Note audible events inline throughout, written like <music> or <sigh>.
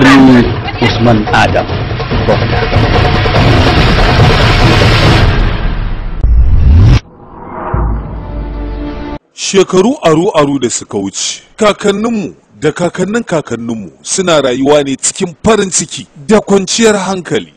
umarni usman adam shekaru aru-aru da suka wuce kakanninmu da kakannin kakanninmu suna rayuwa ne cikin farin ciki da kwanciyar hankali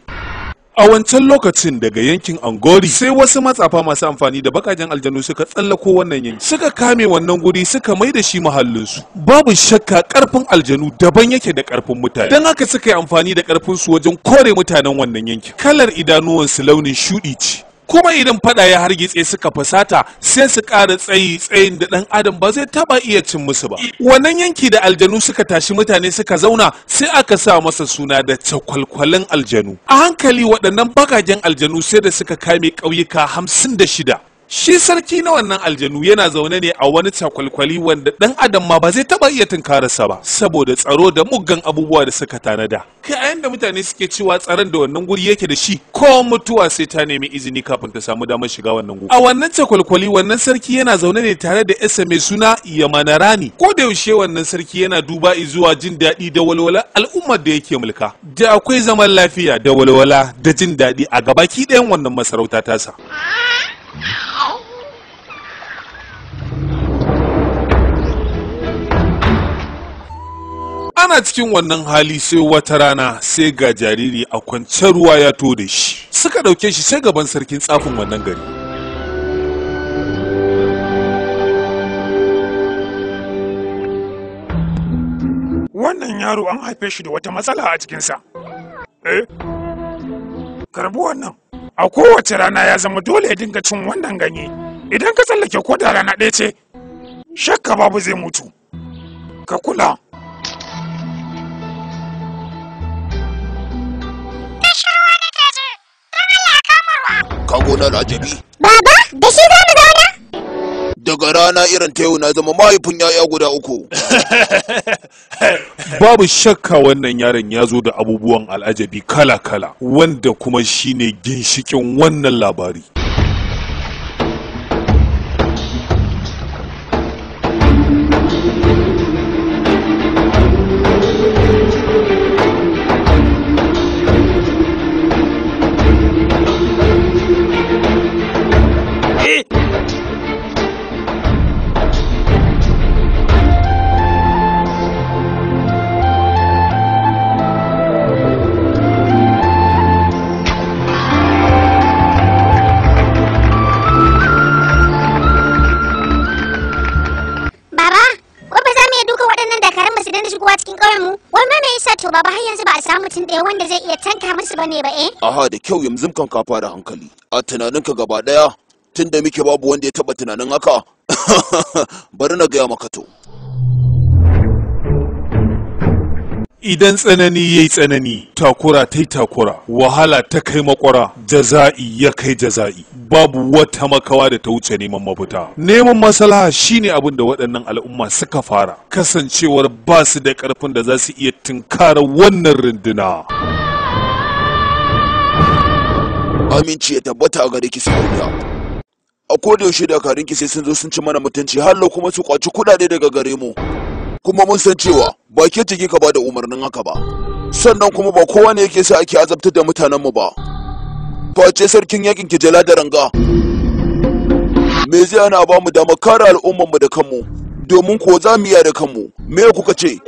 a wancan lokacin daga yankin angori sai wasu matsafa masu amfani da bakajen aljanu suka tsallako wannan yanki suka kame wannan guri suka mai da shi mahallinsu babu shakka karfin aljanu daban yake da karfin mutane don haka suka yi amfani da karfin su wajen kore mutanen wannan yanki kalar idanuwansu launin shudi ce kuma idan fada ya hargitse suka fasata sai su ƙara tsayi tsayin da ɗan adam ba zai taba iya cin musu ba wannan yanki da aljanu suka tashi mutane suka zauna sai aka sa masa suna da cakwalkwalin aljanu a hankali waɗannan bagagen aljanu sai da suka kame ƙauyuka hamsin da shida shi sarki na wannan aljanu yana zaune ne a wani cakwalkwali wanda dan adam ma ba zai taba iya tunkararsa ba saboda tsaro da muggan abubuwa da suka tanada kai a yanda mutane suke cewa tsaron da wannan guri yake da shi ko mutuwa sai ta nemi izini kafin ta samu damar shiga wannan guri a wannan takwalkwali wannan sarki yana zaune ne tare da isa mai suna yamanarani ko da yaushe wannan sarki yana duba zuwa jin daɗi da walwala al'ummar da yake mulka da akwai zaman lafiya da walwala da jin daɗi a gabaki ɗayan wannan masarauta tasa ah! ana cikin wannan hali sai wata rana sai ga jariri a kwance ruwa ya to da shi suka ɗauke shi sai gaban sarkin tsafin wannan gari wannan yaro an haife shi da wata matsala a cikinsa eh? karbi wannan a kowace rana ya zama dole ya dinga cin wannan ganye idan ka tsallake ko da rana ɗaya ce shakka babu zai mutu ka kula gona na al'ajabi baba da shi za mu zauna daga rana irin ta yau na zama mahaifin yaya guda uku <laughs> babu shakka wannan yaron ya zo da abubuwan al'ajabi kala-kala wanda kuma shine ginshikin wannan labari guda mutum ɗaya wanda zai iya tanka musu bane ba eh aha da kyau yanzu kan kafa da hankali a tunaninka gaba ɗaya tunda muke babu wanda ya taɓa tunanin haka <laughs> bari na gaya maka to idan tsanani ya yi tsanani takura ta yi takura wahala ta kai makwara jaza'i ya kai jaza'i babu wata makawa da ta wuce neman mafita neman masalaha shine abin da waɗannan al'umma suka fara kasancewar ba su da ƙarfin da za su iya tunkara wannan runduna aminci ya tabbata a gare ki sauya a koda yaushe dakarun ki sai sun zo sun ci mana mutunci har kuma su kwaci kuɗaɗe daga gare mu kuma mun san cewa ba ke ka ba da umarnin haka ba sannan kuma ba kowa ne yake sa ake azabtar da mutanen mu ba face sarkin yakin ki jala da ranga me zai ana ba mu dama kare mu da kanmu domin ko za mu iya da kanmu me kuka ce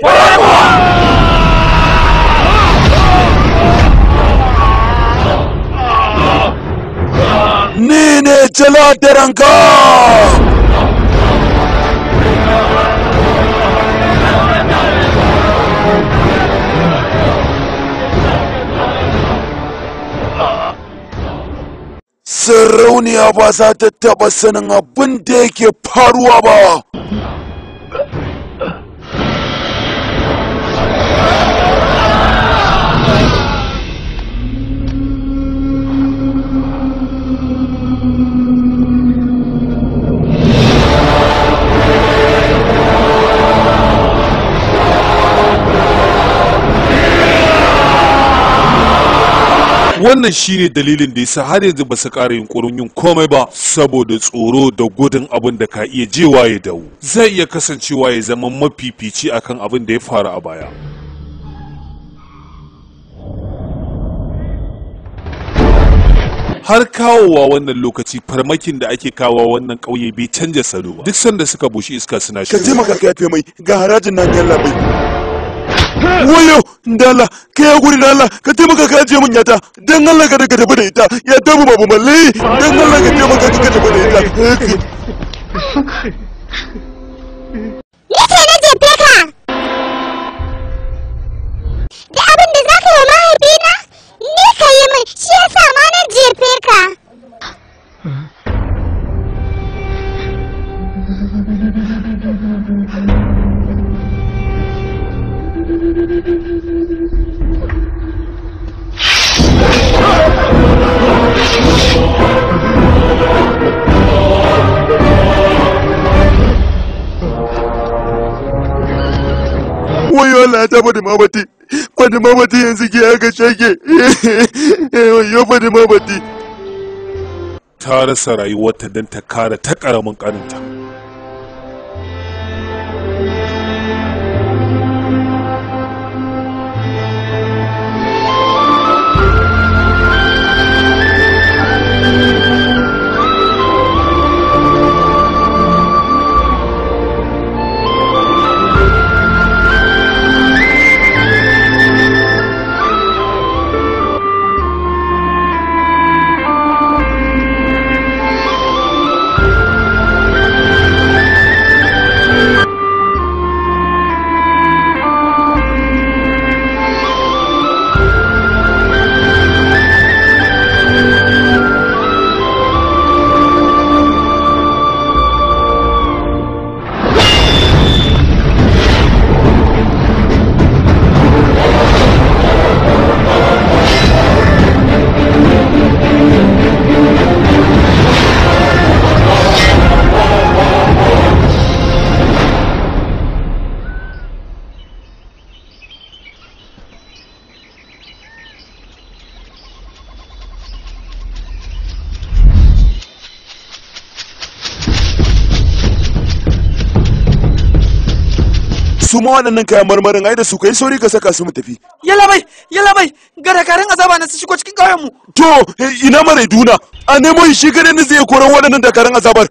ni ne jala da ranga Sarauniya ba za ta taɓa sanin abin da yake faruwa ba. wannan shine dalilin da yasa har yanzu ba su ƙara yunkurin yin komai ba saboda tsoro da gudun abin da ka iya jewa ya dawo zai iya kasancewa ya zama mafifici akan abin da ya faru a baya har kawowa wannan lokaci farmakin da ake kawo wannan kauye bai canja salo ba duk sanda suka bushe iska suna shi ka taimaka ka yafe mai ga harajin nan yalla bai wayo da Allah ka guri da Allah ka taimaka ka ajiye mun yata dan Allah ka daga tafi da ita ya dabu babu malli dan Allah ka taimaka ka tafi da ita yake na jefe ka da abin da zaka yi mahaifina ni ka yi min shi yasa ma na jefe fadi ta fadi Fadimabati yanzu ke aka shake, eh, yo Fadimabati. Ta rasa rayuwarta don ta kare ta ƙaramin ƙaninta. su ma waɗannan kayan marmarin ai da su kai sauri ka saka su mu tafi yalla bai yalla bai gara karin azaba na su shigo cikin ƙauyen mu to ina mara duna a nemo shi gare ni zai koran waɗannan dakarun azabar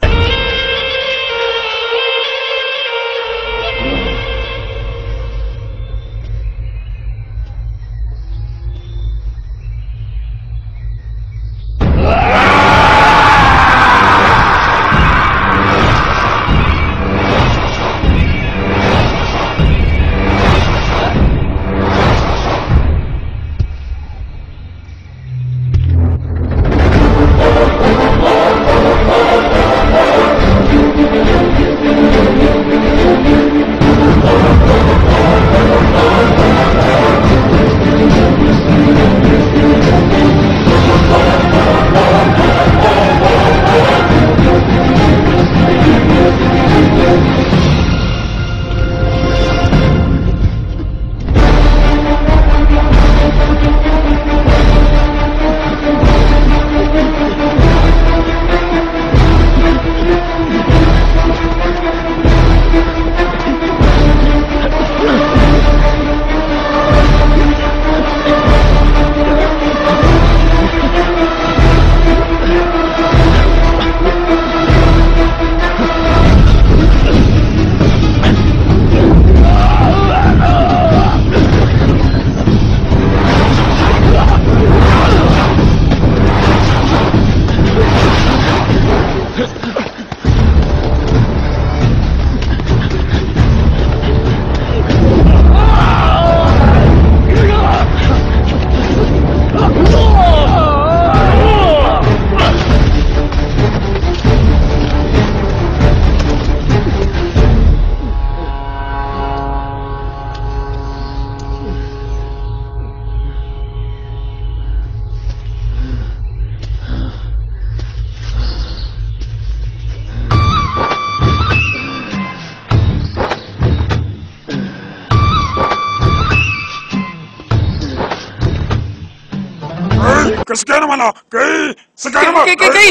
ka mana kai sake mana kai kai kai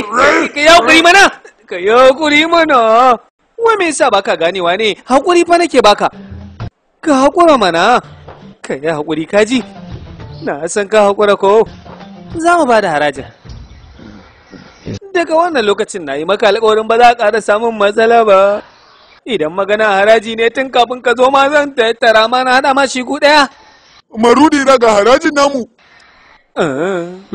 ka ya mana ka yi kuri mana wai me yasa baka ganewa ne hakuri fa nake baka ka hakura mana ka yi hakuri kaji na san ka hakura ko za mu bada harajin daga wannan lokacin na yi maka alƙawarin ba za ka ƙara samun matsala ba idan magana haraji ne tun kafin ka zo ma zan tattara mana na ma shi ku daya Marudi daga harajin namu. Eh.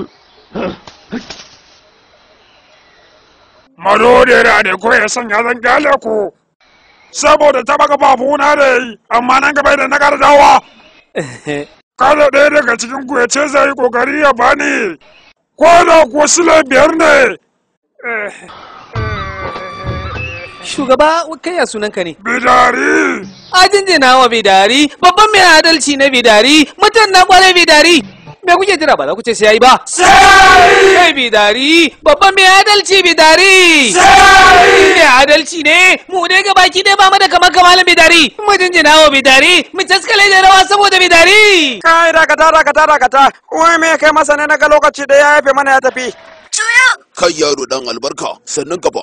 Marorera da ko ya sanya zan gale ku saboda ta baka na da yi amma nan gaba da na gara dawa. <laughs> Kada ɗaya daga cikin ku ya ce zai yi kokari ya bani ko da kuwa sila biyar ne. <laughs> Shugaba kai ya sunanka ne? Bidari. Ajin wa bidari babban mai adalci na bidari mutum na kwarai bidari. me kuke jira ba za ku ce sai yayi ba sai bidari babban mai adalci bidari sai mai adalci ne mu ne ga baki dai ba mu da kamar kamalan bidari mu jinjina wa bidari mu taskale da rawa saboda bidari kai dakata dakata dakata wai me kai masa ne na ga lokaci da ya yafe mana ya tafi kai yaro dan albarka sannan ka ba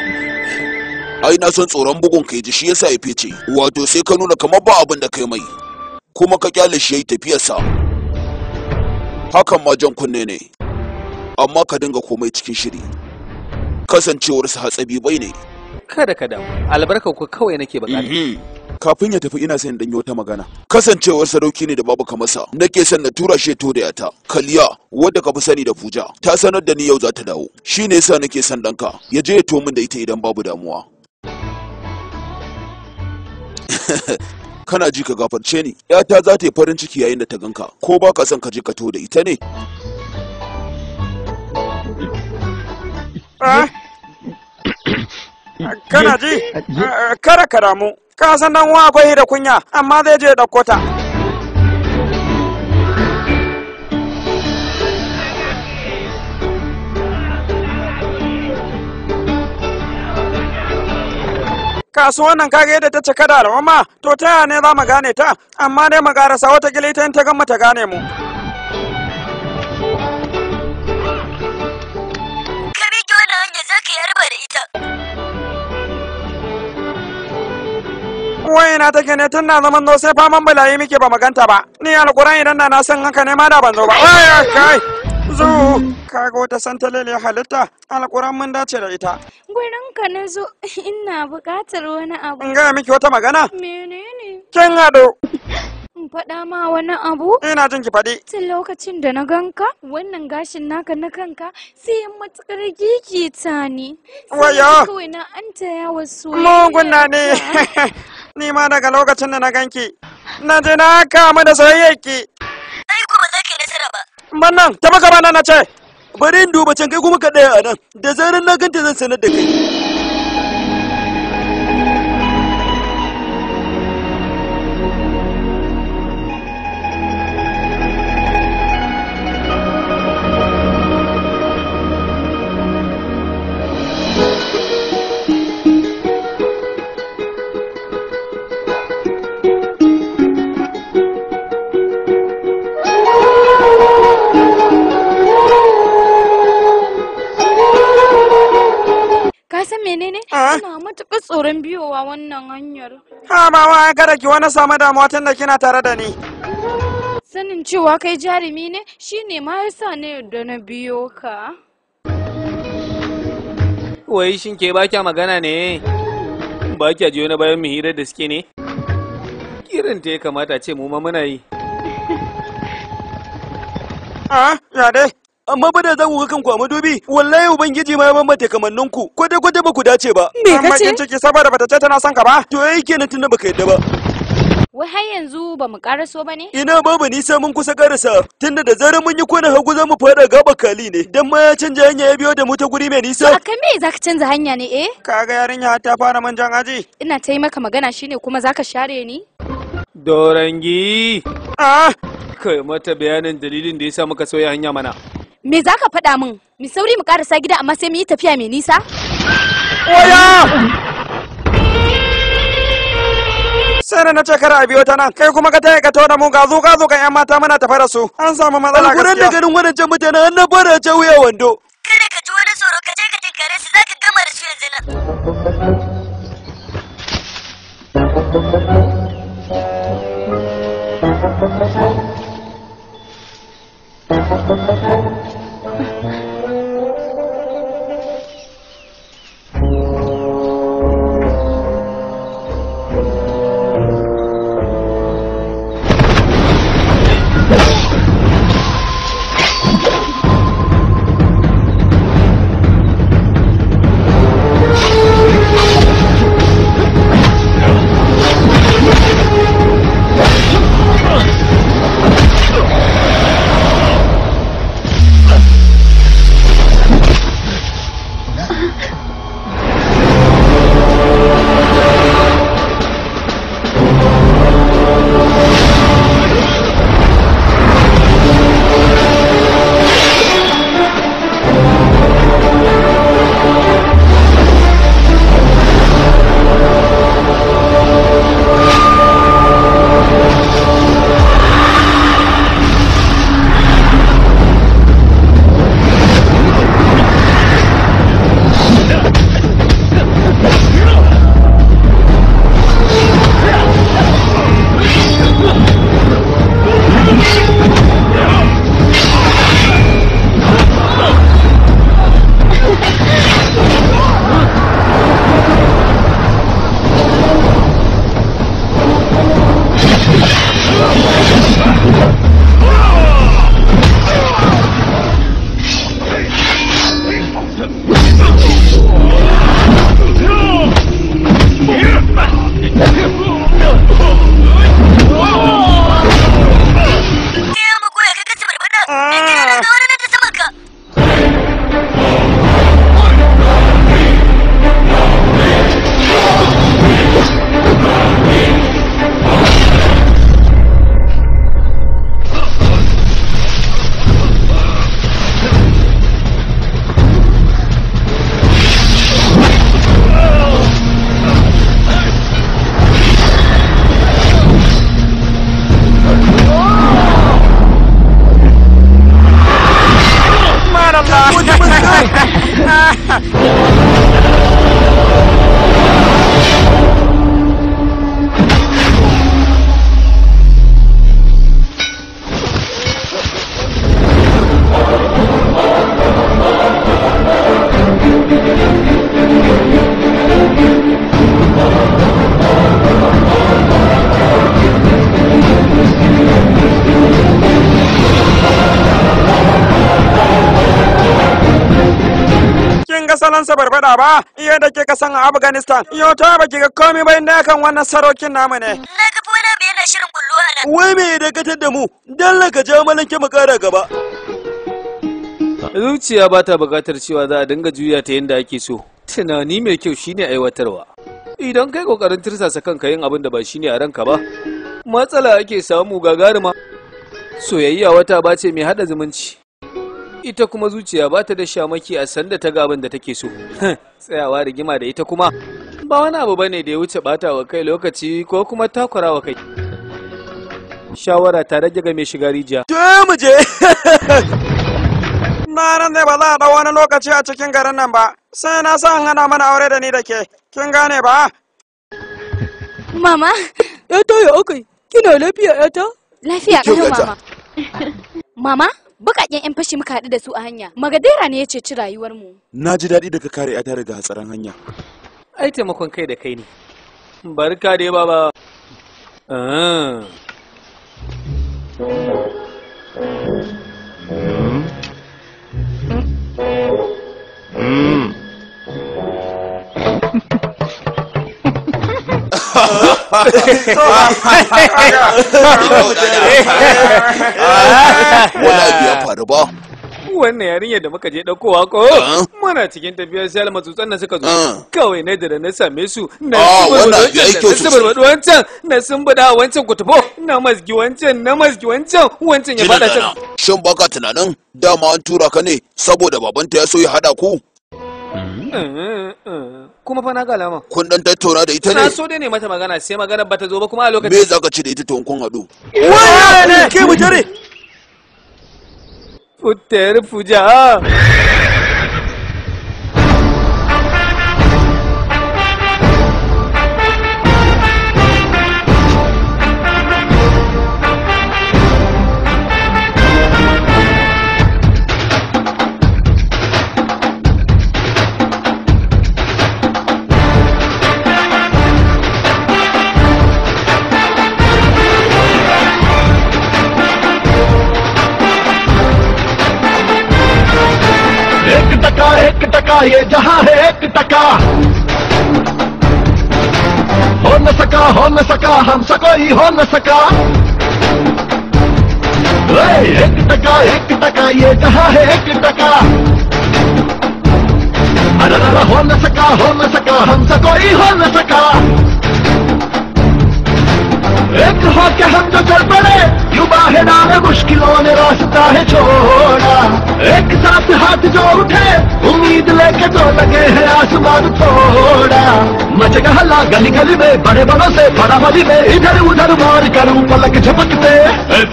<laughs> ai na san tsoron bugun kai ji shi yasa ya fice wato sai ka nuna kamar ba abin da kai mai kuma ka kyale shi yayi tafiyarsa hakan ma jan kunne ne amma ka dinga komai cikin shiri kasancewarsa hatsabi bai ne kada ka damu albarka ku kawai nake bukata mhm. kafin ya tafi ina son dan wata magana kasancewar sadauki ne da babu kamasa nake son na tura shi to da yata kaliya wadda ka fi sani da fuja ta sanar da ni yau za ta dawo shine yasa nake son danka ya je ya to min da ita idan babu damuwa <laughs> kana ji ka gafarce ni yata za ta yi farin ciki yayin da ta ganka ko ba ka son ka je ka to da ita ne ah. kana ji kara ah, karamu ka san dan wa akwai da kunya amma zai je da kota kasuwan nan kaga yadda ta cika da al'umma to ta ne za mu gane ta amma dai mu karasa wata gilita in ta gama ta gane mu ka na take ne tun na zaman no sai faman yi muke ba maganta ba ni alƙur'ani idan na san haka ne ma da ban zo ba kai zo kaga wata santalele halitta alkuran mun dace da ita gurin ka na zo ina buƙatar wani abu ga gaya miki wata magana menene kin hado in faɗa ma wani abu ina jin ki faɗi tun lokacin da na ganka wannan gashin naka na kanka sai matukar gigi ta ne waya kawai na an taya wasu mugunna ne <laughs> ni ma daga lokacin da na ganki na je na kama da soyayyarki ki Mannan, ta baka na ce, bari in duba can kai kuma ka ɗaya a nan, da zarar na ganta zan sanar da kai. tsoron biyowa wannan hanyar. Ha ma wa kada ki wani samu damuwa tun da kina tare da ni. Sanin cewa kai jarumi ne shine ma sa ne da na biyo ka. Wai shin ke ba kya magana ne? Ba kya je wani bayan mu da suke ne? Kirin ta ya kamata ce mu ma muna yi. Ah, ya dai. amma ba da za ku ga kanku a madubi wallahi ubangiji ma ya bambanta kamannin ku kwata kwata ba ku dace ba me kace amma ciki saboda bata ce tana son ka ba to yayi kenan tunda baka yadda ba wai har yanzu ba mu karaso ba ne? Ina babu nisa mun kusa karasa tunda da zarar mun yi kona hagu za mu fada gaba kali ne dan ma ya canja hanya ya biyo da mu ta guri mai nisa. To akan me za ka canza hanya ne eh? Kaga yarinya ta fara manjan aji. Ina ta yi maka magana shine kuma za ka share ni? Dorangi. Ah! Kai mata bayanin dalilin da ya sa muka sauya hanya mana. me za ka faɗa min mi sauri mu karasa gida amma sai mu yi tafiya mai nisa oya sai na ce kara a biyo ta nan kai kuma ka taya ka tona mu ga zo ga zo kan yan mata muna tafa da su an samu matsala gaskiya da garin wannan wadancan mutane an na bara ce wuya wando kada ka ji wani tsoro ka je ka tinkare su za ka gama da su yanzu nan Thank <laughs> you. ba iya da ke san afghanistan iyo ta baki ga komai bai da kan wannan sarokin namu ne na ga shirin kulluwa wai me ya dakatar da mu dalla ka je malanke mu kara gaba zuciya ba ta buƙatar cewa za a dinga juya ta yadda ake so tunani mai kyau shine aiwatarwa idan kai kokarin tirsasa kanka yin abin da ba shine a ranka ba matsala ake samu gagaruma soyayya wata ba ce mai hada zumunci ita kuma zuciya ba ta da shamaki a sanda ta gaban da take so tsayawa rigima da ita kuma ba wani abu bane da ya wuce bata wa kai lokaci ko kuma takura wa kai shawara ta rage ga mai shiga rijiya je eh, mu je <laughs> na nan ne ba za a dau wani lokaci a cikin garin nan ba sai na sa an hana mana aure da ni da ke kin gane ba mama ya ya okai kina lafiya yata lafiya kai mama <laughs> mama bakaƙen yan fashi muka haɗu da su a hanya magadera ne ya ceci rayuwarmu na ji daɗi daga kare ta daga hatsarin hanya ai taimakon kai da kai ne barka dai baba Ha ha ha! abu ya faru ba. wannan yarinyar da muka je ɗaukowa ko muna cikin tafiyar salma tsutsan na suka zo kawai na da na same su na ah, subarbaɗi wancan na sun bada wancan kutubo na masgi wancan na masgi wancan wancan ya bada can shin baka tunanin dama an tura ka ne saboda babanta ya so ya hada ku mm-hmm, mm-hmm. kuma fa na ga alama kun dan tattauna da ita ne na so dai ne mata magana sai magana ba ta zo ba kuma a lokacin me za ka ci da ita to kun hadu wai ne ke mu jare Puter fuja. सका ये जहां है एक टका हो न सका हो न सका सको कोई हो न सका एक टका एक टका ये जहां है एक टका अरे हो न सका हो न सका सको कोई हो न सका एक होके के हम तो चल पड़े युवा है नाम मुश्किलों ने रास्ता है छोड़ा एक साथ हाथ जो उठे उम्मीद लेके तो लगे है आसमान थोड़ा मच गहला गली गली में बड़े बड़ों से बड़ा बली में इधर उधर मार करूं पलक झपकते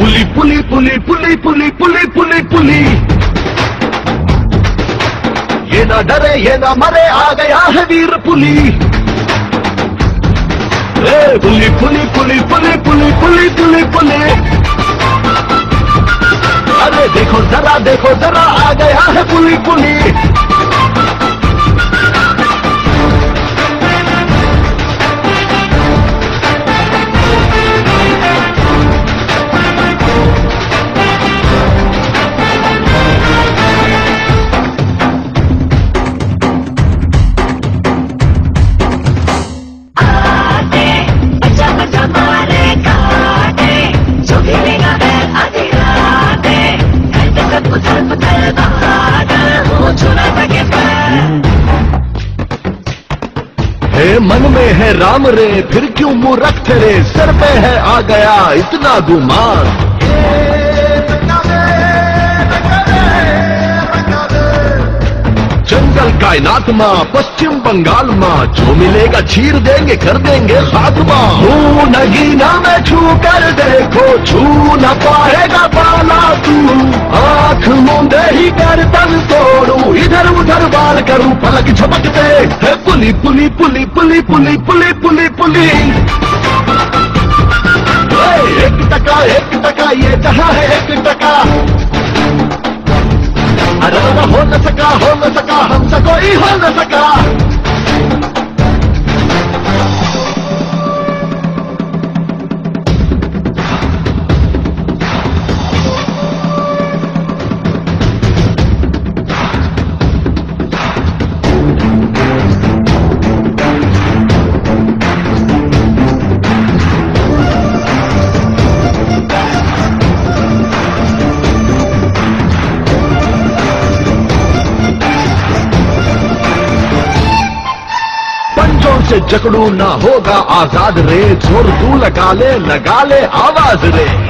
पुली पुली पुली पुली पुली पुली पुली पुली ये ना डरे ये ना मरे आ गया है वीर पुली पुली पुली पुली पुली पुली पुली पुली पुली अरे देखो जरा देखो जरा आ गया है पुली पुली है मन में है राम रे फिर क्यों मुंह रख रे सर पे है आ गया इतना गुमान कल कायनात माँ पश्चिम बंगाल माँ जो मिलेगा चीर देंगे कर देंगे खात्मा हूँ ना मैं छू कर देखो छू न पाएगा पाला तू आंख मुंदे ही कर तन तोड़ू इधर उधर बाल करूँ पलक झपकते है पुली पुली पुली पुली पुली पुली पुली पुली एक टका एक टका ये जहाँ है एक टका अरे हो न सका हो न सका हम सको कोई हो न सका जकड़ू ना होगा आजाद रे जोर तू लगा ले लगा ले आवाज रे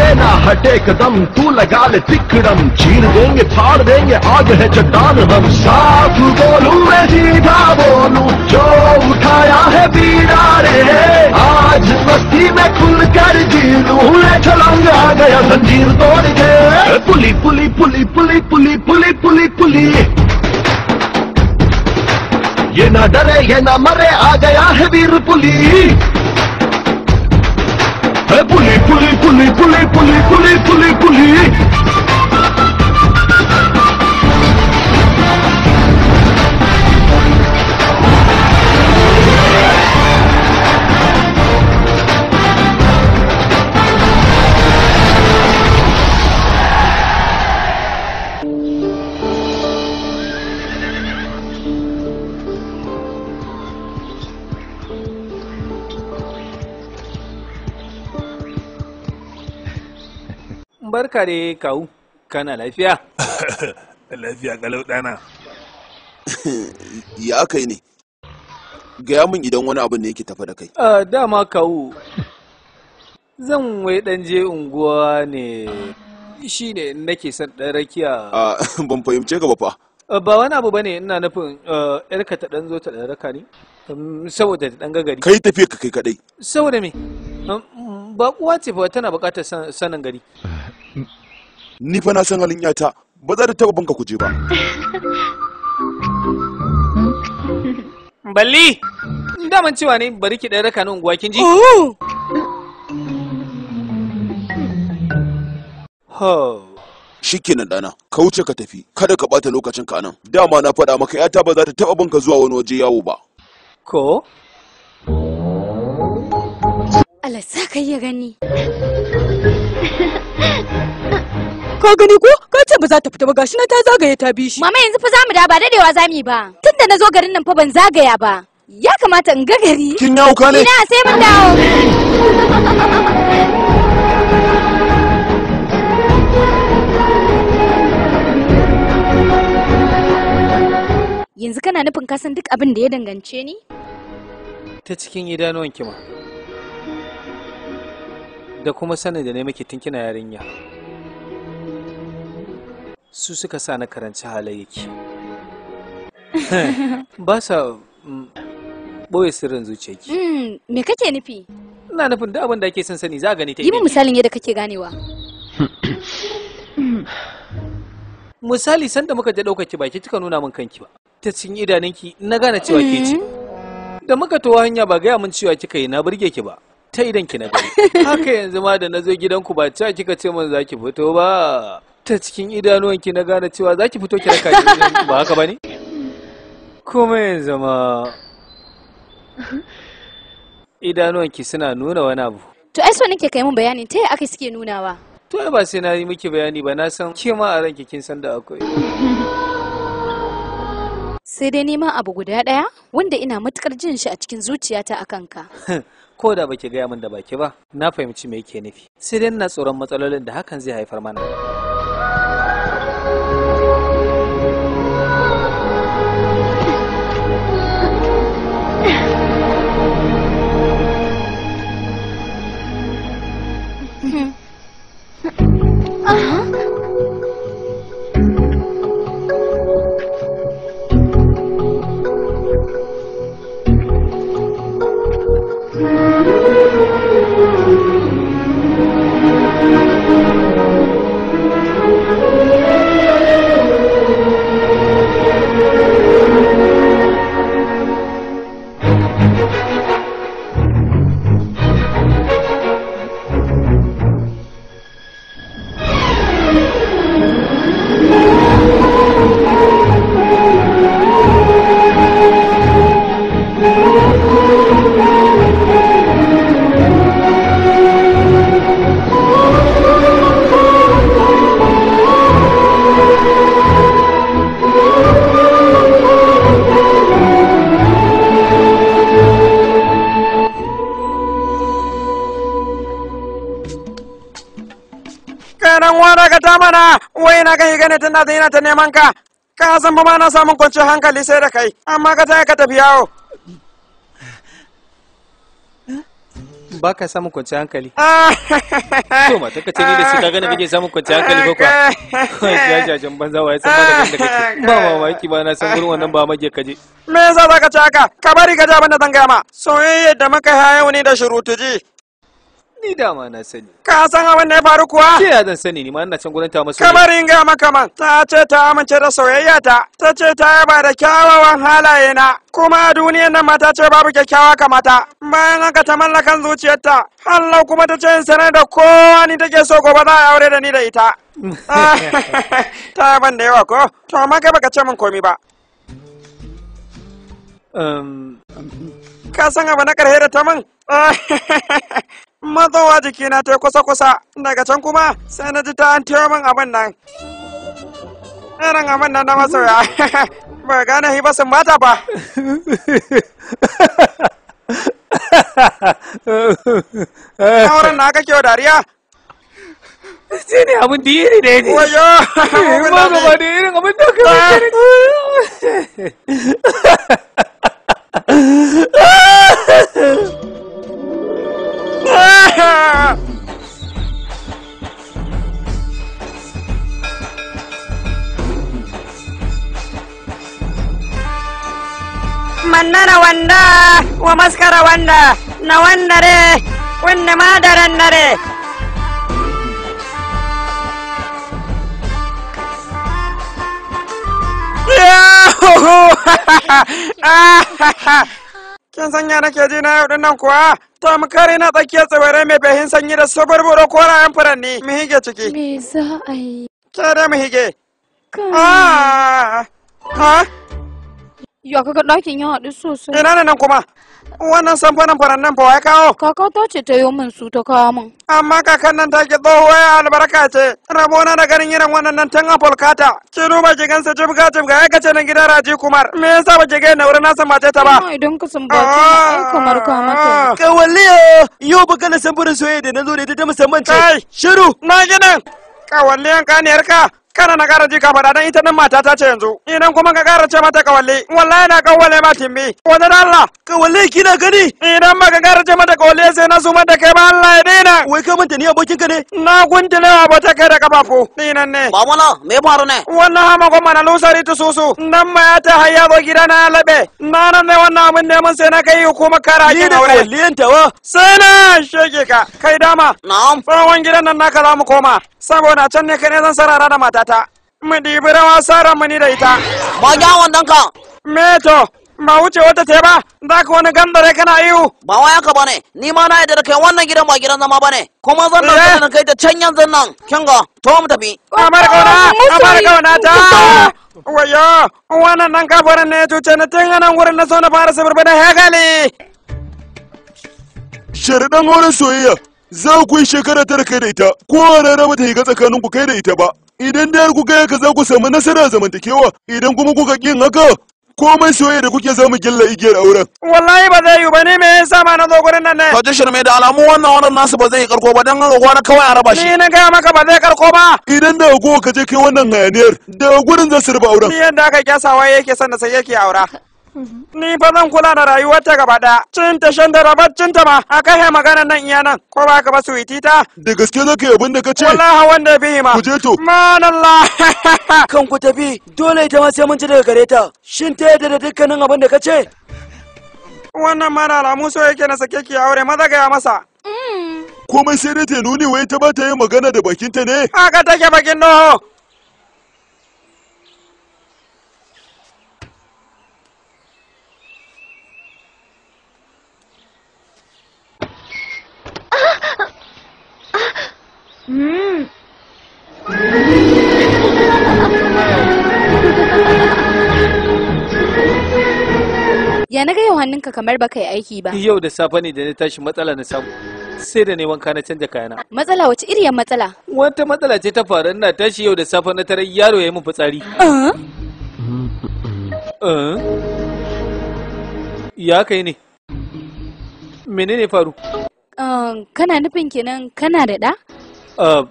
पीछे ना हटे कदम तू लगा ले तिकड़म चीर देंगे फाड़ देंगे आग है चट्टान हम साफ बोलू मैं सीधा बोलू जो उठाया है पीड़ा रे आज मस्ती में खुल कर जी लू छलांग आ गया जंजीर तोड़ के पुली पुली पुली पुली पुली पुली पुली पुली ये ना डरे ये ना मरे आ गया है वीर पुली पुली पुली पुली पुली पुली Puli barka dai kawu kana lafiya <laughs> lafiya galau dana <laughs> ya kai ne gaya min idan wani abin ne yake tafa da kai dama kawu zan wai dan je unguwa ne shi ne nake son ɗan rakiya <laughs> ban fahimce ka ba fa ba wani abu bane ina nufin yarka ta dan zo ta dan raka ne saboda ta dan gagari kai tafi ka kai kaɗai saboda me ba kuwa ce fa tana buƙatar sanin gari ni fa na san halin yata ba za ta taba banka kuje ba balli daman cewa ne bari ki dan raka ni unguwa kin ji ho shikenan dana ka wuce ka tafi kada ka bata lokacin ka nan dama na faɗa maka yata ba za ta taba banka zuwa wani waje yawo ba ko Allah sa ka iya gani <laughs> Ka gani ko? Ka ce ba za ta fita ba gashi na ta zagaye ta bi shi. Mama yanzu fa za mu da ba dadewa za mu yi ba. Tunda na zo garin nan fa ban zagaya ba. Ya kamata in ga gari. Kin yawo ka ne? Ina sai mun dawo. Yanzu kana nufin ka san duk abin da ya dangance ni? Ta cikin idanuwan kima. Da kuma sanin da ne muke tun kina yarinya. su suka sa na karanci halayyaki <laughs> ba sa mm, ɓoye sirrin zuciyarki mm, me kake nufi ina nufin duk abin da ake son sani za a gani ta yi min misalin yadda kake ganewa <clears throat> misali sanda muka je ɗaukaki ba kika nuna min kanki ba ta cin idanunki na gane cewa ke ce mm. da muka towa hanya ba gaya min cewa kika yi na burge ki ba ta idan ki na gani <laughs> haka yanzu ma da na zo gidanku ba cewa kika ce min za ki fito ba ta cikin idanuwanki na gane cewa zaki fito ki raka ki ba haka ba ne? Kuma ma idanuwan idanuwanki suna nuna wani abu. To ai so nake kai mun bayani ta aka suke nunawa. To ai ba sai na yi miki bayani ba na san ke ma a ranki kin san da akwai. Sai dai neman abu guda ɗaya wanda ina matukar jin shi a cikin zuciyata a kanka. <laughs> ko da baki gaya min da baki ba na fahimci me yake nufi sai dai ina tsoron matsalolin da hakan zai haifar mana. ina kan gane tun da ina ta neman ka ka san ba ma na samun kwanciyar hankali sai da kai amma ka taya ka tafi yawo ba ka samun kwanciyar hankali ah. to ma ta kace ni da shi ka gane kake samun kwanciyar hankali ko kwa ah, <laughs> ya jan banza wa ya san ba da kake ah, ba mamaki ba na san gurin wannan ba maje kaje me yasa ka ci haka ka bari ka ja abin zan gaya ma soyayya da muka hayo ne da shurutuji Ni da ma na sani. Ka san abin da ya faru kuwa? Ke ya zan sani ni ma ina can gurin ta masu. Kamar in ga maka man. Ta ce ta amince da soyayya ta. Ta ce ta yaba da kyawawan halaye na. Kuma a duniyar nan mata ce babu kyakkyawa kamata. Bayan haka ta mallakan zuciyarta. Allah kuma ta ce in sanar da kowa ni take so gobe za a aure da ni da ita. <laughs> Ta yaban da yawa ko? To amma kai baka ce min komi ba. Um, Ka san abu na karhe da ta man? <laughs> matsowa jikina ta kusa-kusa daga can kuma sai na ji ta an tiyo min abin nan irin abin nan na masoya <laughs> ba gane hiba sun bata ba auren na kake wa dariya shi ne abin da iri da ne wayo ma <laughs> ba da irin abin da ka yi <laughs> Manana wanda wa maskara wanda na wanda re wanda madaran na re <laughs> ah! <laughs> Kin san yana ke ji na yau dinnan kuwa? Ta makare na tsakiyar tsibirai mai bahin sanyi da sabar kora 'yan furanni Mihige ciki. Me za a yi? Ke da mihige. Ka. Ha? Ah! Ah! Ya kaga ɗakin ya haɗu sosai. Ina ne nan kuma? Wannan samfanin faran nan fa ya kawo? Kaka ta ce ta yi min su ta kawo min. Amma kakan nan take tsohuwa ya albarka ce. rabo na da ganin irin wannan nan tan apple kata. Ki duba ki gansa jibga jibga ya kace nan gidan Raji Kumar. Me yasa ba ki ga na wurin nasa mace ta ba? Amma idan ka san ba ai kamar ka mata. Ka walle yau ba kana samfanin soyayya da nazo da ita ta musamman ce. Shiru. Na gidan. Ka walle ka ne yarka. kana na ƙara ji ka dan ita nan mata ta ce yanzu idan kuma ka ƙara ce mata kawalle wallahi na kawalle ma timbi wanda da Allah kawalle kina gani idan ma ka ƙara ce mata kawalle sai na suma da kai ba Allah ya daina wai ka mutane ni abokin ka ne na guntule wa ta kai da kafafu ni ne ba mala me faru ne wannan hama ko mana lusari ta susu nan ma ya ta hayya zo gida na labe na nan ne wannan ne mun sai na kai hukuma kara ki aure ni da tawa sai na shege ka kai dama na'am wan gidan nan na za mu koma saboda can ne kai ne zan sarara da mata ta. Mu ɗibi rawa sara mani da ita. Ba wannan ka. Meto, ba wuce wata te ba, za ka wani gandare kana ihu. Ba wayan ba ne, ni ma na yadda da kai wannan gidan ba gidan zama ba ne. Kuma zan da eh? kai da can yanzu nan. Kinga, to mu tafi. Amar kauna, amar kauna ta. Wayo, wannan nan kafaran ne ya cuce na tun anan wurin na so na fara sabirbi da hegali. Sharaɗan wurin soyayya, za ku yi shekara tara kai da ita, ko rana ba ta higa tsakaninku kai da ita ba. idan da kuka yaka za ku samu nasara zamantakewa idan kuma kuka kin haka komai soyayya da kuke zamu gilla igiyar auren wallahi ba zai yi ba ne me sa ma na zo gurin nan ne ka ji shirme da alamu wannan wannan nasu ba zai karko ba dan haka kwana kawai a raba shi ni na ga maka ba zai karko ba idan da go ka je kai wannan hayaniyar da gurin za su raba auren ni yanda aka kyasawa yake son da sai yake aura Ni fa zan kula da rayuwarta gaba ɗaya. Cin ta shan da rabaccin ta ma a kai maganar nan iya nan ko ba ka ba su iti ta. Da gaske zaka yi abin da ka ce. Wallahi wanda bi ma. Ku je to. Manallah. <laughs> Kan ku tafi dole ita ma sai mun ci daga gare ta. Shin ta yadda da dukkanin abin da ka ce? Wannan mara alamu so yake na sake ki aure maza gaya masa. Komai sai dai ta nuni wai ta ba ta yin magana da bakinta ne. Haka take bakin doho. <laughs> Ya na yau hannunka kamar baka yi aiki ba. Yau da safe ne da na tashi matsala na samu. Sai da neman kana canja kayana. Matsala wace iriyar matsala? Wata matsala ce ta faru ina tashi yau da safe na tarar yaro ya yi min fitsari. Uh-huh. Uh-huh. Ya kai ne. Menene faru? Um, kana nufin kenan kana da ɗa? Um,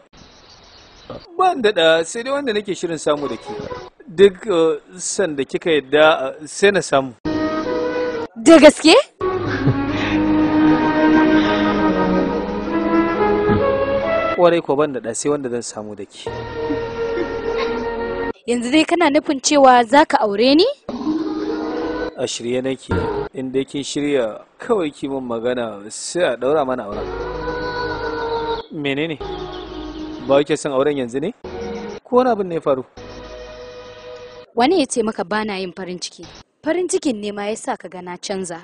ban daɗa sai dai wanda nake shirin samu da ke duk uh, sanda kika yadda uh, sai na samu da gaske kwarai ko ban daɗa sai wanda zan samu da ke yanzu dai kana nufin cewa za ka aure ni a shirye nake inda kin shirya kawai kimin magana sai a ɗaura mana auren menene ba kike son auren yanzu ne ko wani abin ne faru wani ya ce maka bana yin farin ciki farin cikin ne ma ya sa ka gana canza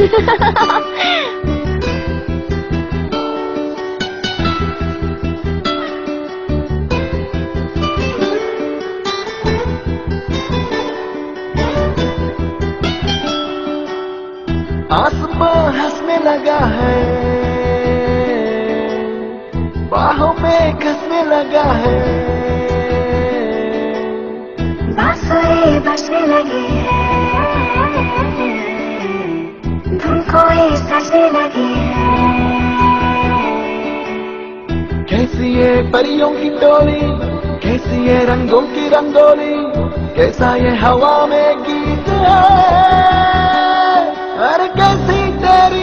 Ha ha ha ha! में लगा है बाहों में घसने लगा है बांसुए लगी है सजने लगी है कैसी परियों की डोली कैसी है रंगों की रंगोली कैसा ये हवा में गीत है और कैसी तेरी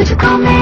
Would you call me?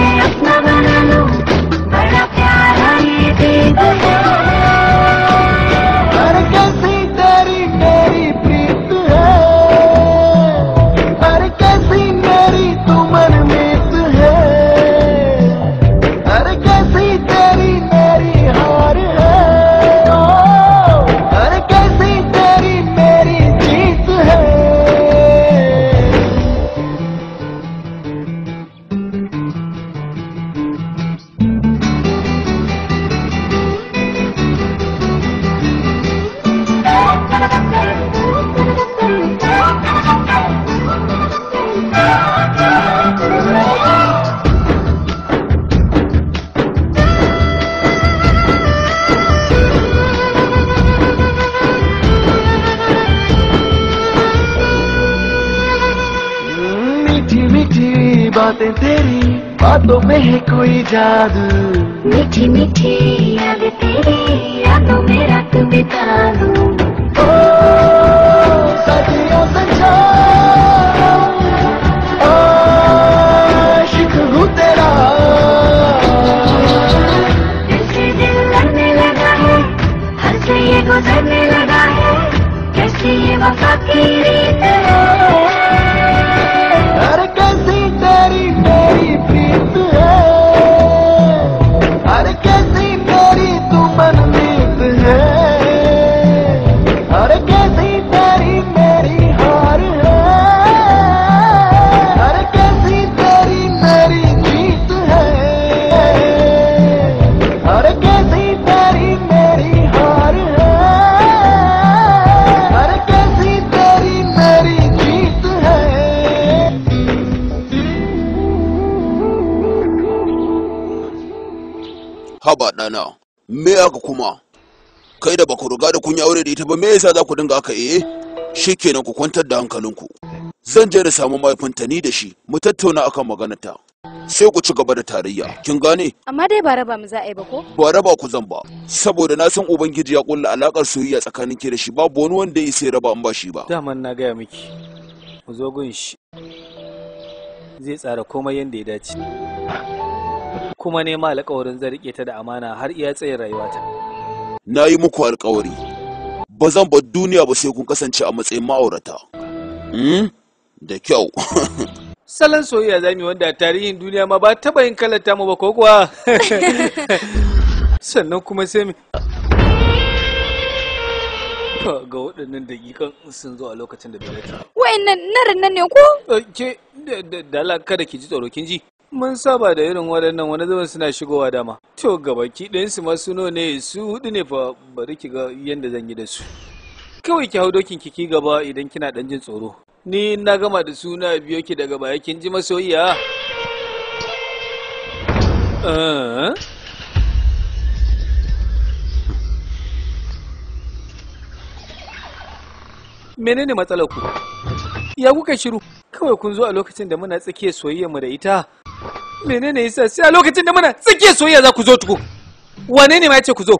जादू rana me aka kuma kai da baku riga da kun yi aure da ita ba me yasa za ku dinga aka eh shikenan ku kwantar da hankalinku zan je da samu mahaifinta ni da shi mu tattauna akan maganarta sai ku ci gaba da tarayya kin gane amma dai ba raba mu za a yi ba ko ba raba ku zan ba saboda na san ubangiji ya kulla alakar soyayya tsakanin ki da shi babu wani wanda ya sai raba in ba shi ba daman na gaya miki mu zo gun shi zai tsara komai yadda ya dace kuma nema alkawarin zan rike ta da amana har iya tsaye rayuwata na yi muku alƙawari ba zan bar duniya ba sai kun kasance a matsayin ma'aurata hmm? da kyau <laughs> salon soyayya za mu wanda tarihin duniya ma ba taɓa yin kalata mu ba ko kuwa <laughs> sannan kuma sai mu ga waɗannan daƙiƙan sun zo a lokacin da bai Wayannan narin nan ne ko? Ke da kada ki ji tsoro kin ji. mun saba da irin waɗannan wani zaman suna shigowa dama to gabaki ɗayansu masu nawa ne su hudu ne fa bari ki ga yadda zan yi da su kawai ki hau dokin kiki gaba idan kina ɗan jin tsoro ni na gama da su biyo ki daga baya kin ji masoyiya ah. menene matsalar ku ya kuka shiru kawai kun zo a lokacin da muna tsakiyar soyayyar mu da ita menene yasa sai a lokacin da muna tsakiyar soyayya za ku zo tuku wane ne ma ya ce ku zo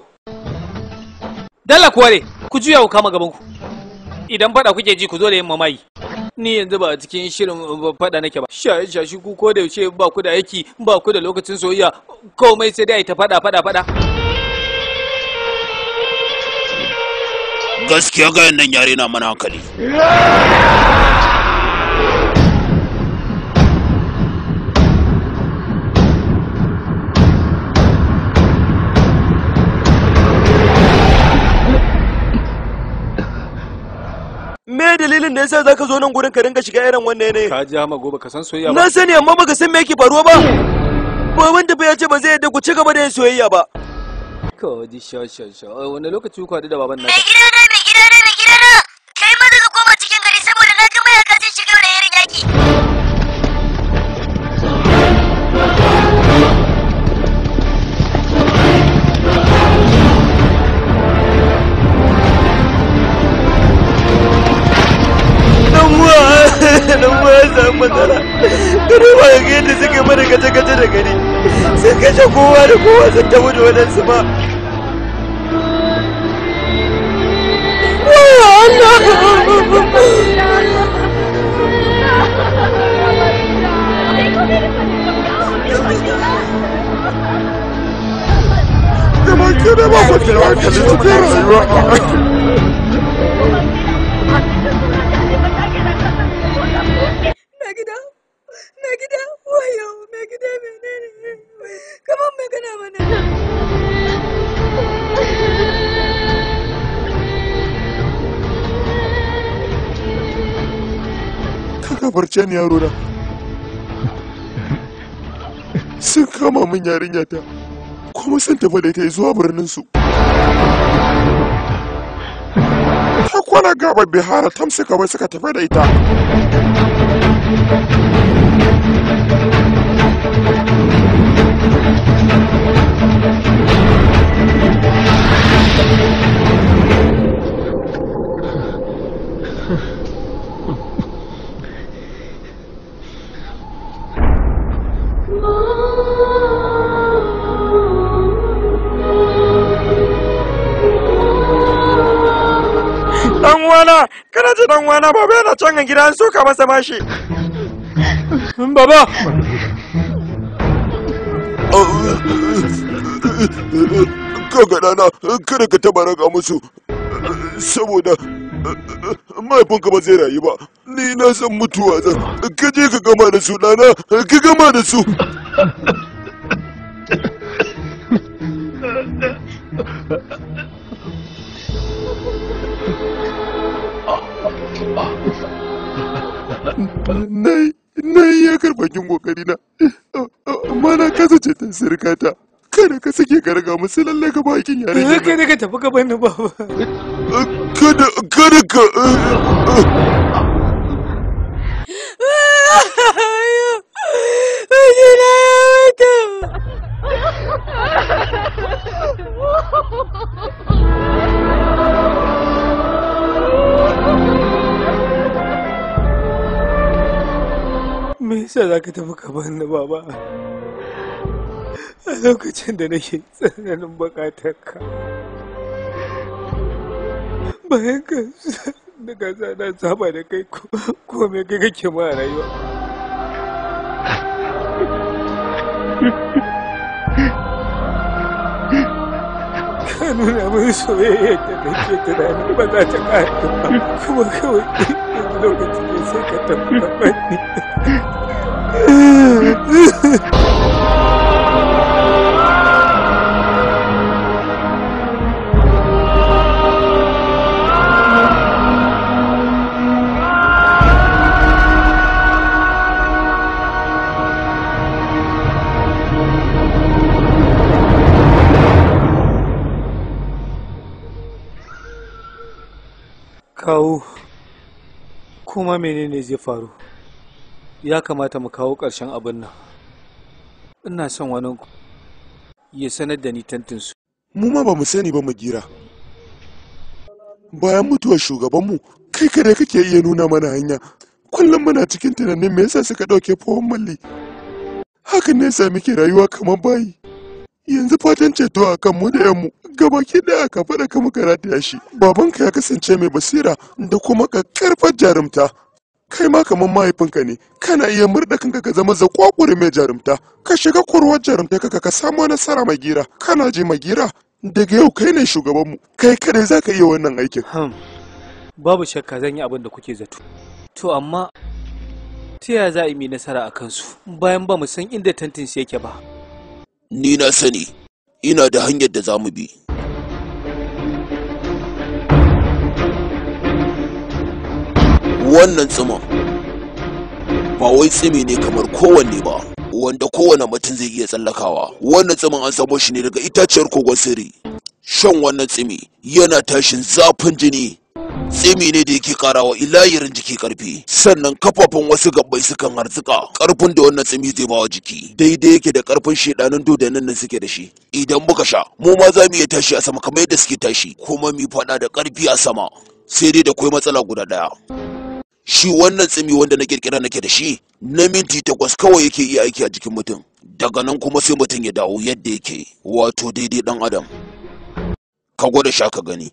dalla kuwa ne ku juya ku kama gaban ku idan fada kuke ji ku zo da yin mamayi ni yanzu ba a cikin shirin fada nake ba shaye shashi ku ko da yace ba ku da aiki ba ku da lokacin soyayya komai sai dai ta fada fada fada gaskiya ga nan yare na mana hankali dalilin da yasa zaka zo nan gurin ka dinga shiga irin wannan yanayi ka ja ma mago ka san soyayya ba na sani amma baka san me yake faruwa ba baban da ya ce ba zai yadda ku ci gaba da soyayya ba ka ji sha sha sha wani lokaci ku haɗu da baban naka mai gida na mai gida na mai حتى قوة لقوة تتون ولا السماء لما كنا ما قلت العكس تطير gafarce ni yaro na sun kama min yarinya ta kuma sun tafi da ita zuwa birnin su ta kwana gaba bihara suka bai suka tafi da ita na ji dan wana baba yana can a gida an soka masa mashi hmm, baba kaga dana kada ka taba raga musu saboda mahaifinka ba zai rayu ba ni na san mutuwa zan ka je ka gama da su dana ka gama da su na yi yakar bakin kokari na amma na kasa ce ta sirkata kada ka sake ka raga musu lallai ka bakin yare ne kada ka tafi ka bani ba kada kada ka Ajina ya mutu! me yasa za ka tafi kamar na baba a lokacin da nake tsananin bukatarka bayan ka da gasa na saba da kai ko me kai kake ma a rayuwa ka nuna min soyayya da nake tunanin ba za ta ƙara kuma kawai yanzu lokacin da sai ka tabbatar Kau, como a menina Zia ya kamata mu kawo ƙarshen abin nan ina son wani ya sanar da ni su mu ma ba mu sani ba mu gira bayan mutuwar shugabanmu kai kare kake iya nuna mana hanya kullum muna cikin tunanin me yasa suka ɗauke fawon malli hakan ne yasa muke rayuwa kamar bayi yanzu fatan ceto a kanmu da yanmu gabaki ɗaya ka faɗa kama rataya shi babanka ya kasance mai basira da kuma ƙaƙƙarfar jarumta kai ma kamar mahaifinka ne kana iya murda kanka ka zama zakwakwuri mai jarumta ka shiga kurwar jarumta kaka ka samu nasara mai gira. kana mai gira. daga yau kai ne shugabanmu kai kadai za ka iya wannan aikin babu shakka zan yi abin da kuke zato to amma ta yaya za a yi nasara a kansu bayan ba mu san inda tantinsu yake ba ni na sani ina da hanyar da za mu bi wannan tsimin ba wai tsimi ne kamar kowanne ba wanda kowane mutum zai iya tsallakawa wannan tsimin an samo shi ne daga itaciyar kogon sirri shan wannan tsimi yana tashin zafin jini tsimi ne da yake karawa ilayirin jiki karfi sannan kafafun wasu gabbai sukan harzuka karfin da wannan tsimi zai bawa jiki daidai yake da karfin shedanin dodanin nan suke da shi idan muka sha mu ma za mu iya tashi a sama kamar yadda suke tashi kuma mu faɗa da karfi a sama sai dai da kwai matsala guda daya shi wannan tsimi wanda na kirkira nake da shi na minti takwas kawai yake iya aiki a jikin mutum daga nan kuma sai mutum ya dawo yadda yake wato daidai dan adam ka gwada sha ka gani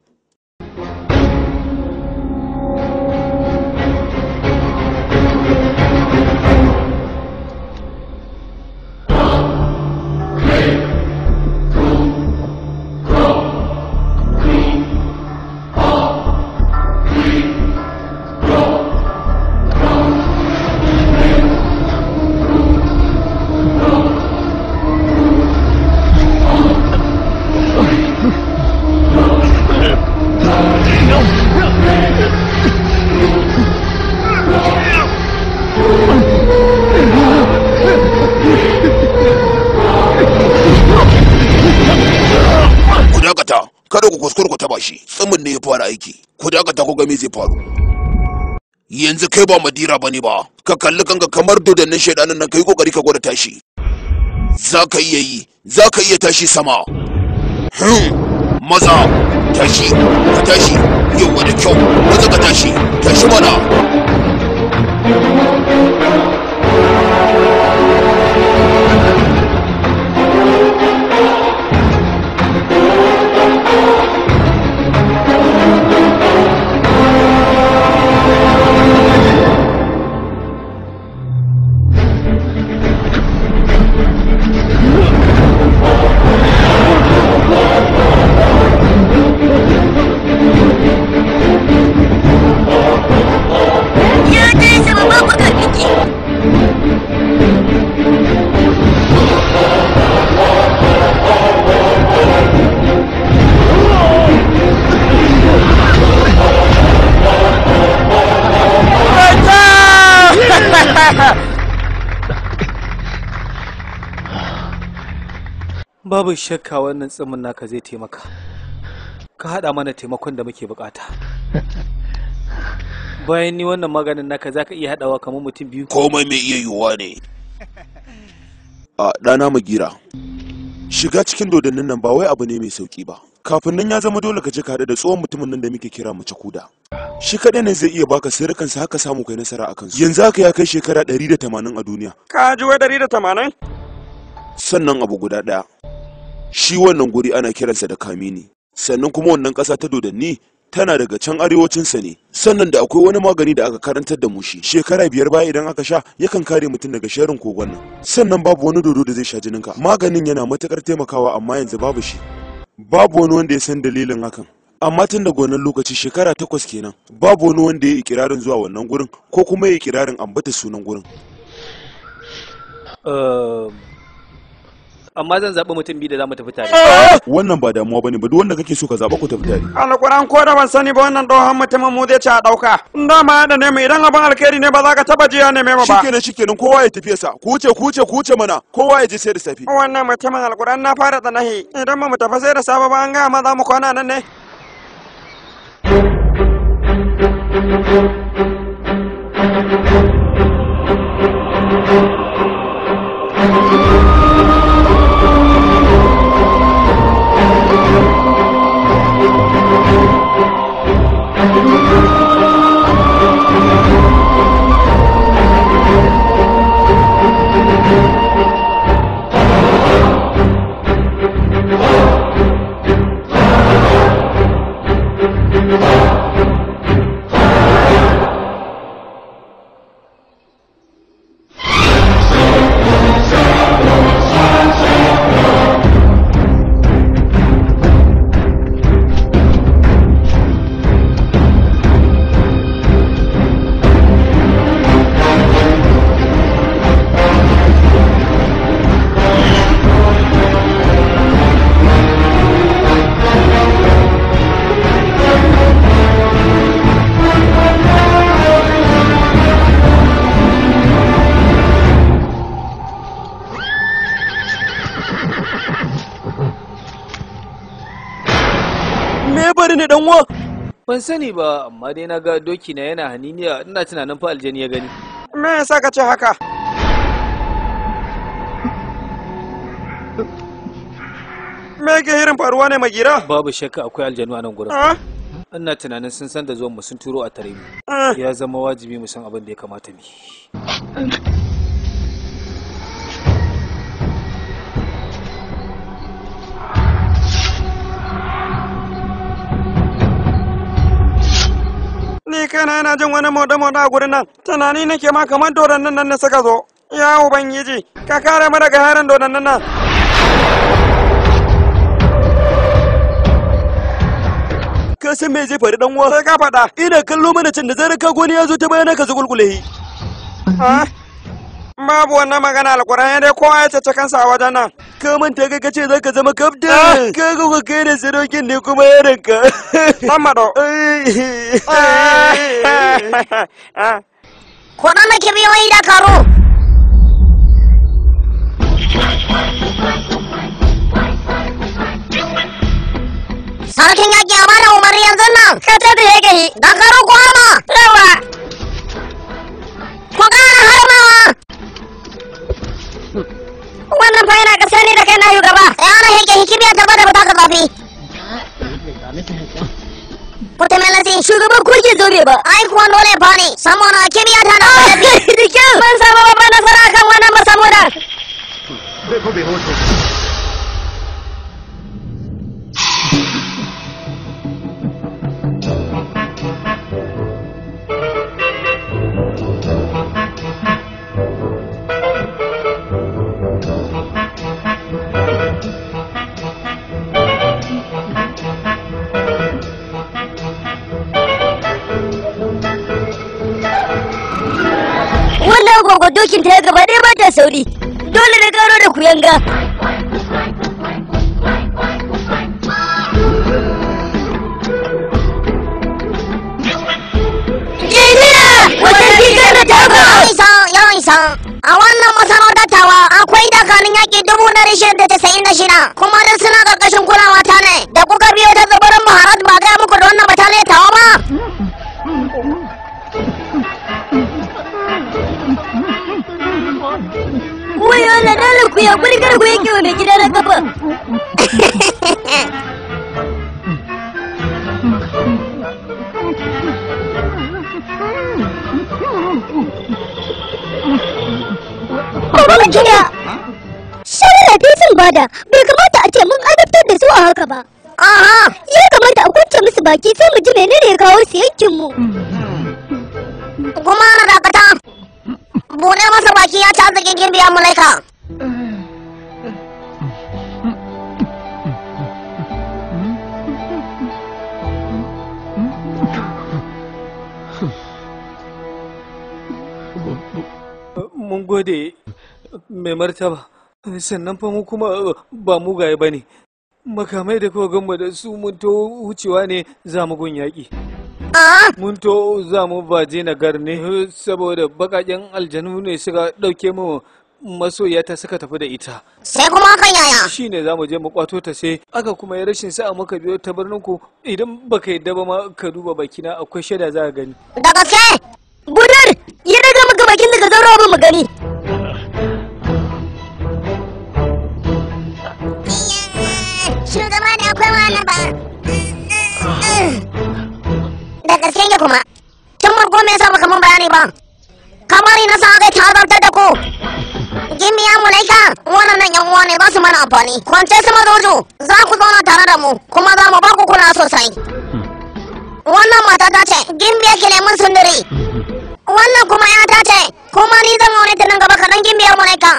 fara aiki da aka tako ga me zai faru yanzu kai ba madira bane ba ka kalli kanka kamar dodannin shaidanin nan kai kokari ka gwada tashi za ka iya yi za ka iya tashi sama hmm. maza tashi ka tashi yau da kyau maza ka tashi tashi mana babu shakka wannan tsimin naka zai taimaka ka haɗa mana taimakon da muke bukata <laughs> bayan ni wannan maganin naka zaka iya haɗawa kamar mutum biyu komai mai iya yiwuwa ne <laughs> a ɗana magira shiga cikin dodannin nan ba wai abu ne mai sauki ba kafin nan ya zama dole ka je ka haɗu da tsohon mutumin nan da muke kira mace kuda shi kaɗai ne zai iya baka sirrikansa haka samu kai nasara akan su yanzu haka ya kai shekara 180 a duniya ka ji wai 180 sannan abu guda ɗaya shi wannan guri ana kiransa da kamini sannan kuma wannan ƙasa ta dodanni tana daga can arewacinsa ne sannan da akwai wani magani da aka karantar da mu shi shekara biyar baya idan aka sha yakan kare mutum daga sharin kogon nan sannan babu wani dodo da zai sha jininka maganin yana matukar taimakawa amma yanzu babu shi babu wani wanda ya san dalilin hakan amma tun da wannan lokaci shekara takwas kenan babu wani wanda ya yi ikirarin zuwa wannan gurin ko kuma ya yi ikirarin ambata sunan gurin um, amma zan zaɓi mutum biyu da za mu tafi tare. Wannan ba damuwa bane ba duk wanda kake so ka zaɓa ku tafi tare. Alƙur'an ko da ban sani ba wannan dohon mutumin mu zai ci a ɗauka. In da ma da ne mu idan abin alkhairi ne ba za ka taɓa jiya ne ba. Shikenan shikenan kowa ya tafi sa ku wuce ku wuce ku wuce mana kowa ya je sai da safe. Wannan mutumin alƙur'an na fara nahi idan ba mu tafi sai da safe ba an gaya ma za mu kwana nan ne. Thank you. ban sani ba amma dai na ga doki na yana haniniya ina tunanin fa aljani ya gani me yasa ka ce haka me yake irin faruwa ne magira babu shakka akwai aljanu a nan gurin ah? ina tunanin sun san da zuwan mu sun turo a tare mu ah. ya zama wajibi mu san abin da ya kamata mu ni kana yana jin wani moda-moda a gurin nan tunani ke ma kamar dodannin nan na suka zo ya ubangiji ka kare mu daga harin dodannin nan ka san me zai faru dan uwa sai ka faɗa ina kallo mana cin da zarar ka goni ya zo ta bayan ka zugulgule ah Babu wannan magana ya dai kowa ya cece kansa a wajen nan. Ka manta ka kace za ka zama kaftan. Ah! Ka ga kai da sarokin ne kuma yaranka. Samado. Koɗa maki yi da karo. Sarkin yaƙi a bada umarni yanzu nan. Ka ta da ya gahi. Da karo ko ama. Yawa. Ku ƙara harmawa. wannan fa yana kasa ne da kai na shugaba ya ana yake hikimiya ta bada bata ka zafi Wata melasi shugaban kurki zobe ba, ai kuwa dole ba ne, samu na kimiyya ta da wani <laughs> Ban samu babban nasara kan wannan ba samu da. gwaggo dokin ta gaba ɗaya ba ta sauri dole na gano da kuyanga A wannan masarautar tawa akwai dakarun yaƙi dubu na shida da tasa'in da shida kuma duk suna ƙarƙashin kulawa ta ne da kuka biyo ta zubarin Maharaj ba gaya muku ya kuri gargo yake mai gida na kafa Kuma gida! Shawara dai bada, bai kamata a ce mun adabtar da su a haka ba. Aha! Ya kamata a kwance musu baki sai mai martaba sannan fa mu kuma eh, ba mugaye ba ne makamai da kuka gamba da su mun to wucewa ne za mu gun yaƙi mun to za mu baje nagar ne saboda baƙaƙen aljanu ne suka ɗauke mu masoya ta suka tafi da ita. Sai kuma kan yaya? Shi ne za mu je mu kwato ta sai aka kuma ya rashin sa'a muka biyo ta birnin ku idan baka yadda ba ma ka duba bakina akwai shaida za ka gani. Da gaske! Gudar! Ya daga maka bakin daga zaura ba mu gani. shugaba da akwai wani ba da gaske ne kuma tun farko me yasa baka mun bayani ba kamar ina sa kai tazartar da ku gimi ya mulaika wannan yan uwa ne ba su mana amfani kwance su mazojo za ku zauna tare da mu kuma zamu mu ba ku kula sosai wannan mata ta ce gimbi yake lemun sunduri wannan kuma ya dace kuma ni zan tunan gaba ka gaba kaɗan gimbiyar malaika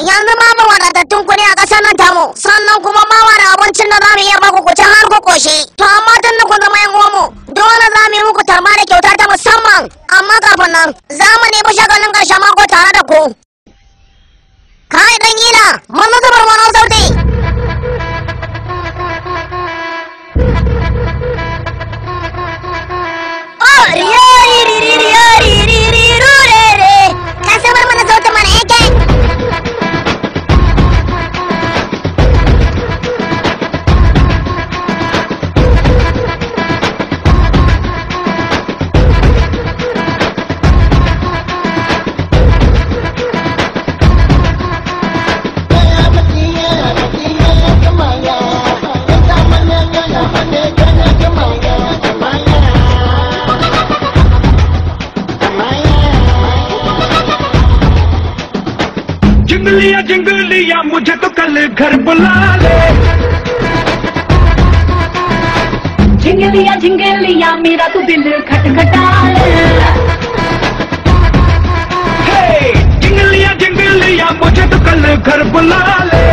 yanzu ma ba wadatattun kuɗi a ƙasar nan tamu sannan kuma ma wani abincin da zamu iya baku ku har ku ƙoshi to amma tun da ku zama yan uwanmu dole za mu yi muku tarma da kyauta ta musamman amma kafin nan za जंगलिया लिया मुझे तो कल घर बुला ले जिंगलिया जिंगलिया मेरा तो दिल खटखटा जिंगलिया जिंगलिया मुझे तो कल घर बुला ले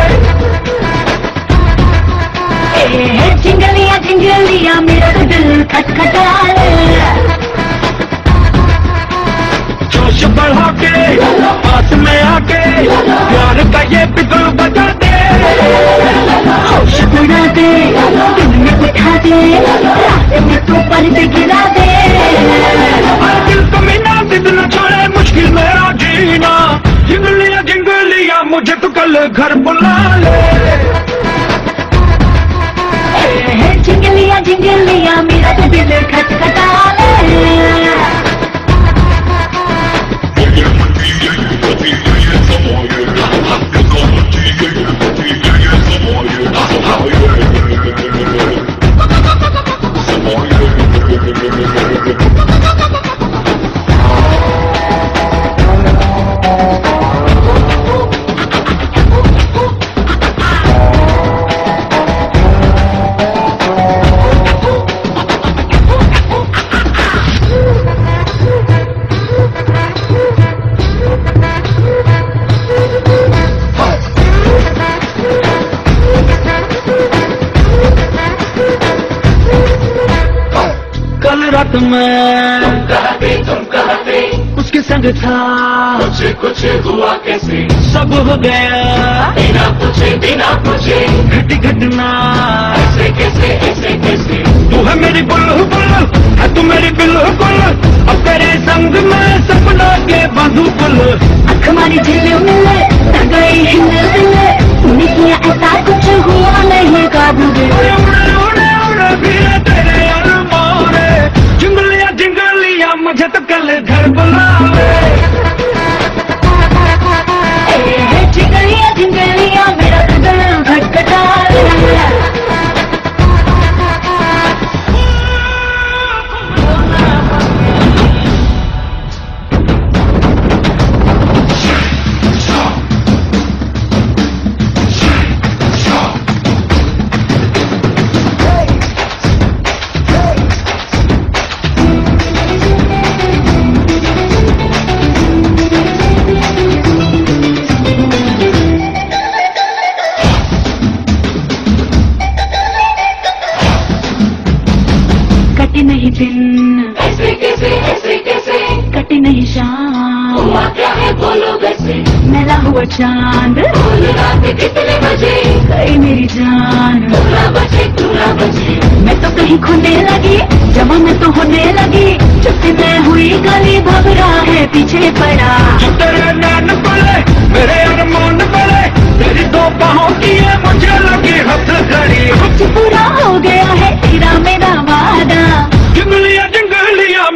जिंगलिया जिंगलिया मेरा तो दिल खटखटा ले जोश बढ़ा के पास में आके प्यार का ये पिघल बजा दे खुश बना दे तुमने बिठा दे में तो पर गिरा दे दिल को मिला दिल छोड़े मुश्किल मेरा जीना जिंगलिया जिंगलिया मुझे तो कल घर बुला ले जिंगलिया जिंगलिया मेरा तो दिल खटखटा ले Let's go. था कुछ कुछ हुआ कैसे सब हो गया बिना पूछे बिना पूछे घट घटना ऐसे कैसे ऐसे कैसे तू है मेरी बुल्लू बुल्लू है तू मेरी बिल्कुल अब तेरे संग में सपना के बंधु पुल अखमारी जिले में मिले गई हिले हिले तूने किया ऐसा कुछ हुआ नहीं काबू तेरे अनुमान जंगलिया जंगलिया मुझे तो कल घर पर star कटी नहीं शान हुआ हुआ चांद कितने बजे गई मेरी जान बजे बजे मैं तो कहीं खोने लगी जमा मैं तो होने लगी जब मैं हुई गली भबरा है पीछे पड़ा तेरे नैन पड़े है मुझे लगी पूरा हो गया है तेरा मेरा वादा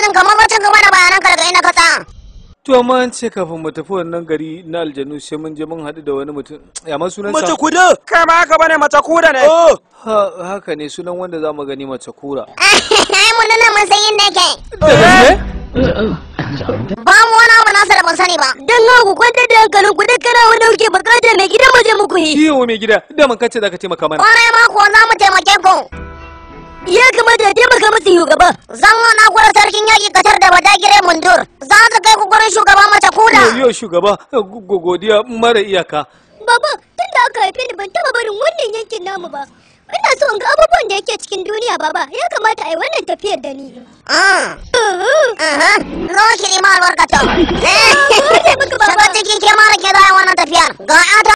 din kamar wacce game da bayanan karkai na kasa. ta to amma an ce kafin mu tafi wannan gari na aljanu sai mun je mun haɗu da wani mutum ya ma sunan mace kuda kai ma haka bane mace kuda ne oh haka ne sunan wanda za mu gani mace kura <laughs> ai mun nuna mun san yin yake ba mu wani abu nasa da ban sani ba dan ku kwanta da hankalin ku duk kana wani kuke bukata mai gida mu je muku yi kiwo mai gida da mun kace zaka taimaka mana kwarai ma ko za mu taimake ku ya kamata ya taimaka masa shugaba. Zan na ku sarkin yaƙi ƙasar da badagire mundur. Za ka kai ku gurin shugaba mata kula. Yo shugaba godiya mara iyaka. Baba tun da aka haife ni ban taɓa barin wannan yankin namu ba. Ina so in ga abubuwan da yake cikin duniya baba ya kamata a yi wannan tafiyar da ni. Mm. Uh-huh. Mm-hmm. Roshi ima albarkatau. <laughs> Ah, Sabon cikin ke mara ke da wannan tafiyar. Ga